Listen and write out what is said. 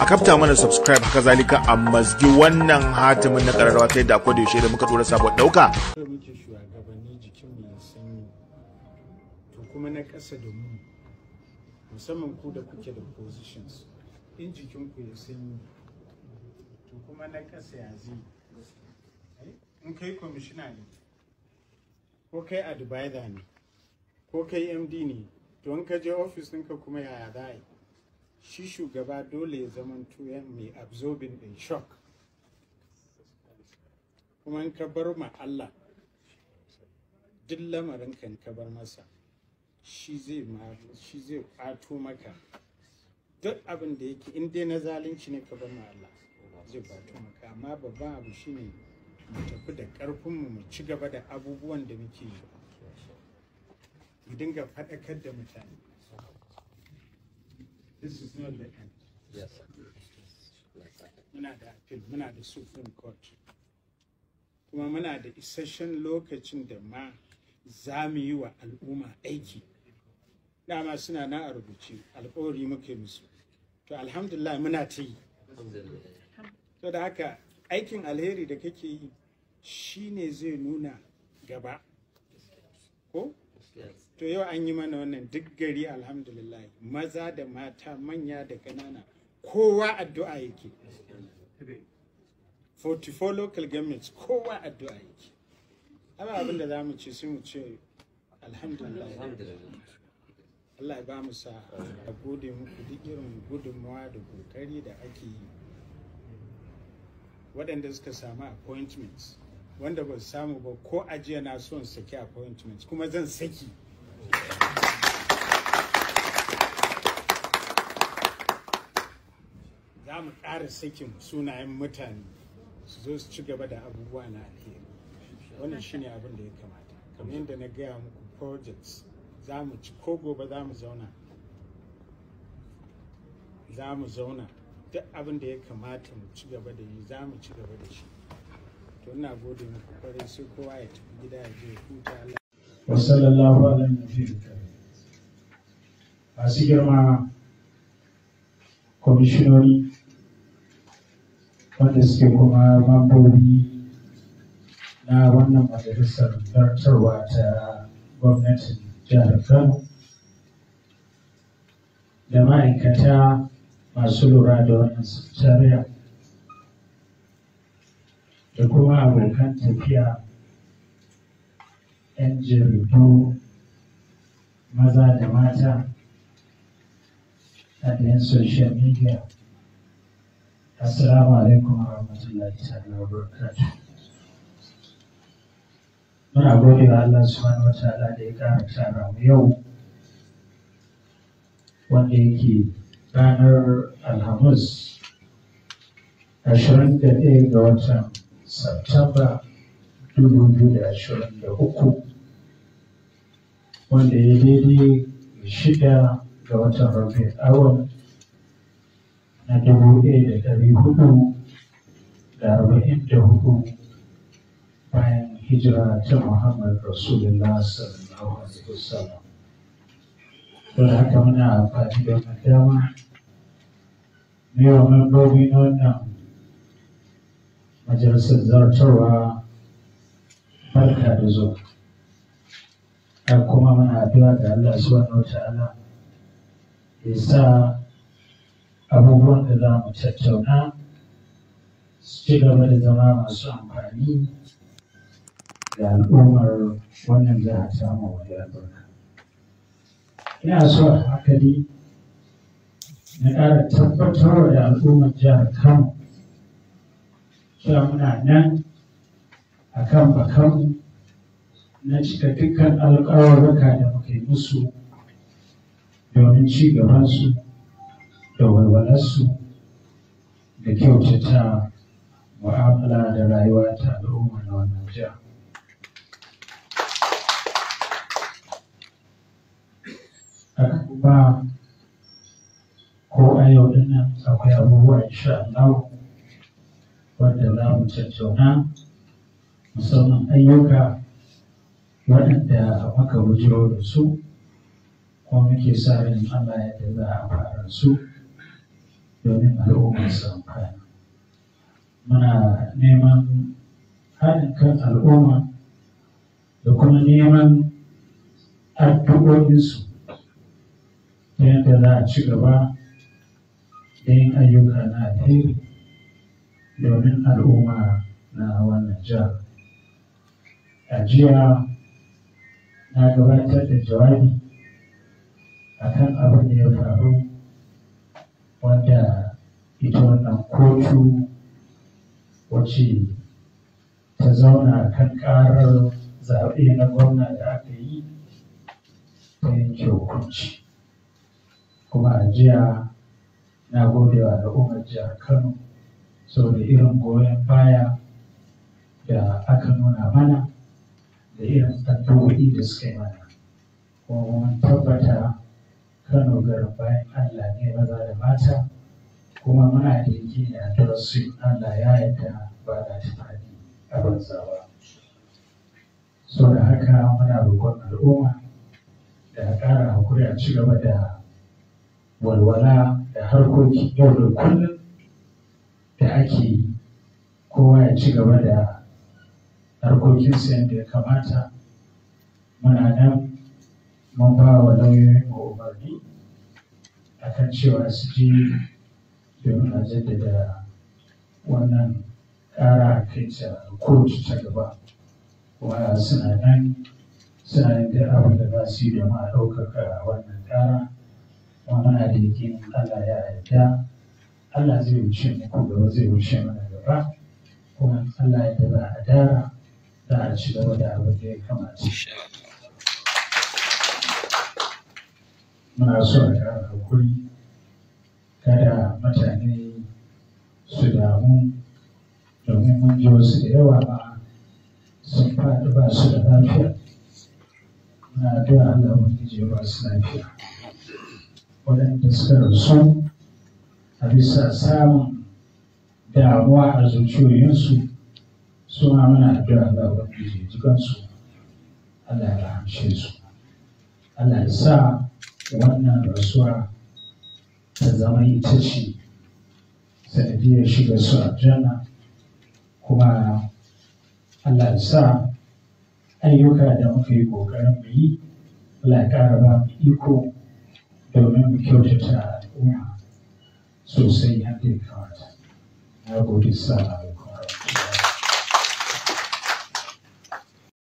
a kafta mana subscribe haka zalika a mazgi wannan hatimin na kararwa ta yadda akwai da yaushe da muka tura sabon dauka kuma na da ne ko md ne to in ka je ofis ɗinka kuma yaya za a yi shi shugaba dole ya zaman tuya mai absorbing in shock kuma in ka bar ma Allah duk lamarin kan ka bar masa shi zai shi zai kwato maka duk abin da yake in dai na zalunci ne ka bar ma Allah zai kwato maka amma babban abu shine mu tafi da ƙarfinmu mu ci gaba da abubuwan da muke yi mu dinga faɗakar da mutane this Muna da appeal, muna Kuma muna da isasshen lokacin da ma za mu yi wa al'umma aiki. Dama suna na a rubuce, alkawari muke musu. To alhamdulillah muna ta yi. To da haka aikin alheri da kake yi shi ne zai nuna gaba. Ko? to yau an yi mana wannan duk gari alhamdulillah maza da mata manya da ƙanana kowa addu'a yake 44 local governments kowa addu'a yake ana abin da za mu ce sai mu ce alhamdulillah Allah ya ba mu sa a gode muku duk irin gudunmawa da kokari da ake yi waɗanda suka samu appointments wanda ba su samu ba ko ajiya na son saki appointments kuma zan saki za mu ƙara sakin sunayen mutane su zo su ci gaba da abubuwa na alheri wannan shine abin da ya kamata kamar yadda na gaya muku projects za mu ci ko gobe za mu zauna za mu zauna duk abin da ya kamata mu ci gaba da yi za mu ci gaba da shi to ina gode muku kwarai sai kowa ya tafi gida ya je huta Allah وصلى الله على النبي الكريم masu girma kwamishinoni wanda suke kuma mambobi na wannan majalisar zartarwa ta gwamnatin jihar kano da ma'aikata masu lura da wannan sakitariya da kuma abokan tafiya 'yan jaridu maza da mata a da social media assalamu alaikum wa rahmatullahi ta'ala wa barakatuh muna gode wa Allah subhanahu wa ta'ala da ya ƙara tara mu yau wanda yake ranar alhamis 21 ga watan Satamba 2023 wanda ya daidai shida ga watan rabiul awal na dubu ɗaya da ɗari hudu da arba'in da hudu bayan hijira ta muhammad rasulullah sallallahu alaihi wasallam don haka muna amfani da wannan ne wa membobi na wannan majalisar zartarwa barka da zuwa kuma muna addu'a ga Allah subhanahu wataala ya sa abubuwan da za mu tattauna su ci gaba da zama masu amfani da al'ummar wannan jiha ta mu wani albarka ina so a na ƙara tabbatar da al'ummar jihar kano cewa muna nan a kan bakanmu na cika dukkan alƙawarruka da muka yi musu domin ci gabansu da walwalarsu da kyautata mu'amala da rayuwa ta al'umma na wannan jiha. kan kuma ko a yau nan akwai abubuwa insha Allah wanda za mu tattauna musamman ayyuka waɗanda aka bujiro da su kuma muke sa ran Allah yadda za a fara su domin al'umma su amfana. Muna neman haɗin kan al'umma da kuma neman addu'o'insu ta yadda za a ci gaba da yin ayyuka na alheri domin al'umma na wannan jihar. A jiya na gabatar da jawabi akan abin da ya faru wanda ita wannan kotu wacce ta zauna kan karar zaɓe na gwamna da aka yi ta yanke hukunci kuma a jiya na gode wa al'ummar jihar kano saboda irin goyon baya da aka nuna mana da irin addu'o'i da suka yi mana kuma mun tabbata kano garin bayan allah ne maza da mata kuma muna da yake da addu'arsu allah ya yadda ba za ta a banza ba da haka muna roƙon al'umma da ƙara hakuri a ci gaba da walwala da harkoki yau da kullum da ake kowa ya ci gaba da su yadda ya kamata muna nan mun ba wa lauyoyin mu umarni akan cewa su je domin a jaddada wannan ƙara a kai ta kotu ta gaba kuma suna nan suna yin duk abin da za su yi domin a ɗaukaka wannan ƙara kuma muna Allah ya yarda Allah zai wuce ku gaba zai wuce mana gaba kuma Allah ya yarda da a dara za a ci gaba da abin da ya kamata. Muna so a ƙara hakuri kada mutane su damu domin mun ji wasu da yawa ba sun faɗi ba su da lafiya. Muna addu'a Allah mun ji ba su lafiya. Waɗanda suka rasu a bisa samun damuwa a zuciyoyinsu suna muna addu'a ga ubangiji jikansu Allah ya rahamshe su Allah ya sa wannan rasuwa ta zama ita ce sanadiyar shiga su aljanna kuma Allah ya sa ayyuka da muka yi ƙoƙarin mu yi Allah ya ƙara ba mu iko domin mu kyautata al'umma sosai yadda ya kamata. Na gode sa